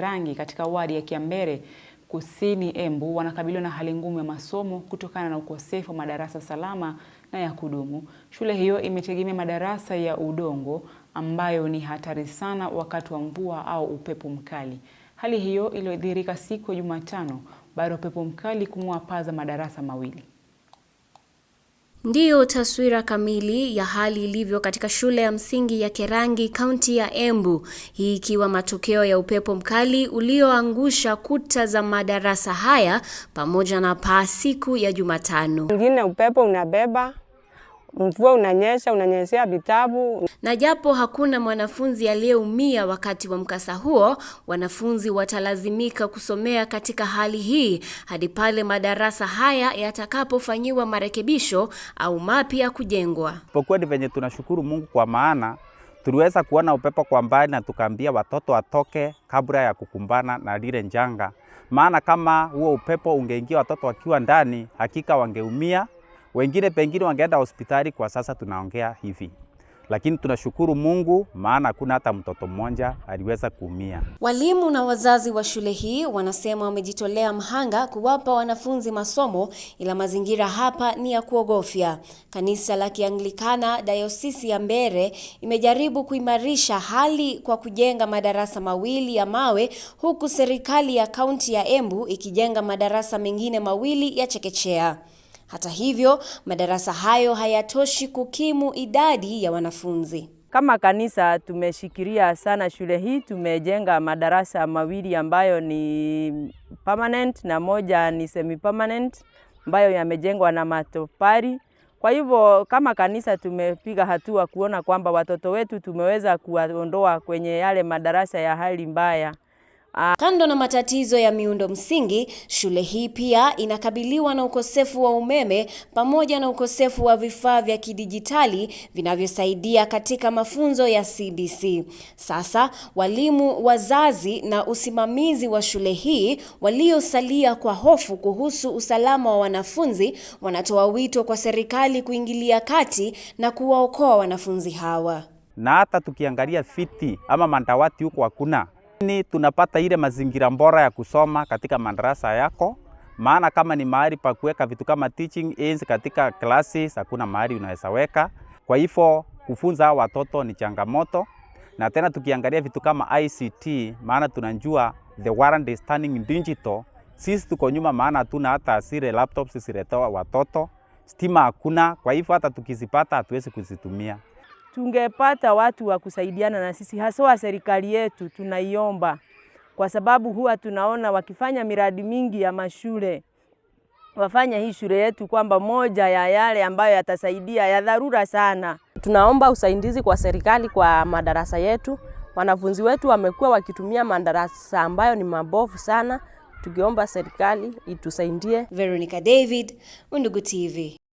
Rangi katika wadi ya Kiambere Kusini Embu wanakabiliwa na hali ngumu ya masomo kutokana na ukosefu wa madarasa salama na ya kudumu. Shule hiyo imetegemea madarasa ya udongo ambayo ni hatari sana wakati wa mvua au upepo mkali. Hali hiyo iliyodhihirika siku ya Jumatano baada ya upepo mkali kung'oa paa za madarasa mawili. Ndiyo taswira kamili ya hali ilivyo katika shule ya msingi ya Kerangi, kaunti ya Embu, hii ikiwa matokeo ya upepo mkali ulioangusha kuta za madarasa haya pamoja na paa siku ya Jumatano. Ingine upepo unabeba mvua unanyesha, unanyeshea vitabu. Na japo hakuna mwanafunzi aliyeumia wakati wa mkasa huo, wanafunzi watalazimika kusomea katika hali hii hadi pale madarasa haya yatakapofanyiwa marekebisho au mapya kujengwa. ni venye tunashukuru Mungu kwa maana tuliweza kuona upepo kwa mbali na tukaambia watoto watoke kabla ya kukumbana na lile njanga, maana kama huo upepo ungeingia watoto wakiwa ndani, hakika wangeumia wengine pengine wangeenda hospitali kwa sasa tunaongea hivi, lakini tunashukuru Mungu maana hakuna hata mtoto mmoja aliweza kuumia. Walimu na wazazi wa shule hii wanasema wamejitolea mhanga kuwapa wanafunzi masomo, ila mazingira hapa ni ya kuogofya. Kanisa la Kianglikana Dayosisi ya Mbeere imejaribu kuimarisha hali kwa kujenga madarasa mawili ya mawe, huku serikali ya kaunti ya Embu ikijenga madarasa mengine mawili ya chekechea. Hata hivyo, madarasa hayo hayatoshi kukimu idadi ya wanafunzi. Kama kanisa tumeshikiria sana shule hii. Tumejenga madarasa mawili ambayo ni permanent na moja ni semi permanent ambayo yamejengwa na matofali. Kwa hivyo kama kanisa tumepiga hatua kuona kwamba watoto wetu tumeweza kuwaondoa kwenye yale madarasa ya hali mbaya. Ah, kando na matatizo ya miundo msingi, shule hii pia inakabiliwa na ukosefu wa umeme pamoja na ukosefu wa vifaa vya kidijitali vinavyosaidia katika mafunzo ya CBC. Sasa walimu, wazazi na usimamizi wa shule hii waliosalia kwa hofu kuhusu usalama wa wanafunzi wanatoa wito kwa serikali kuingilia kati na kuwaokoa wanafunzi hawa. Na hata tukiangalia fiti ama mandawati huko hakuna ni tunapata ile mazingira bora ya kusoma katika madarasa yako, maana kama ni mahali pa kuweka vitu kama teaching aids katika classes, hakuna mahali unaweza weka. Kwa hivyo kufunza watoto ni changamoto, na tena tukiangalia vitu kama ICT, maana tunajua the world is turning digital. Sisi tuko nyuma, maana hatuna hata zile laptops ziletoa watoto, stima hakuna. Kwa hivyo hata tukizipata hatuwezi kuzitumia tungepata watu wa kusaidiana na sisi, haswa serikali yetu tunaiomba, kwa sababu huwa tunaona wakifanya miradi mingi ya mashule wafanya hii shule yetu kwamba moja ya yale ambayo yatasaidia ya dharura sana. Tunaomba usaidizi kwa serikali kwa madarasa yetu. Wanafunzi wetu wamekuwa wakitumia madarasa ambayo ni mabovu sana, tukiomba serikali itusaidie. Veronica David, Undugu TV.